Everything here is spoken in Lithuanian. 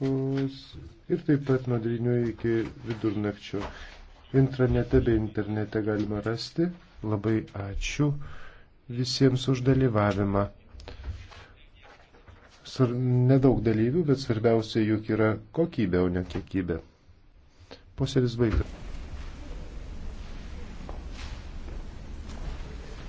12 ir taip pat nuo 9 iki vidurnakčio. Intranete bei internete galima rasti. Labai ačiū visiems už dalyvavimą. Nedaug dalyvių, bet svarbiausia juk yra kokybė, o ne kiekybė. Posėlis vaikas.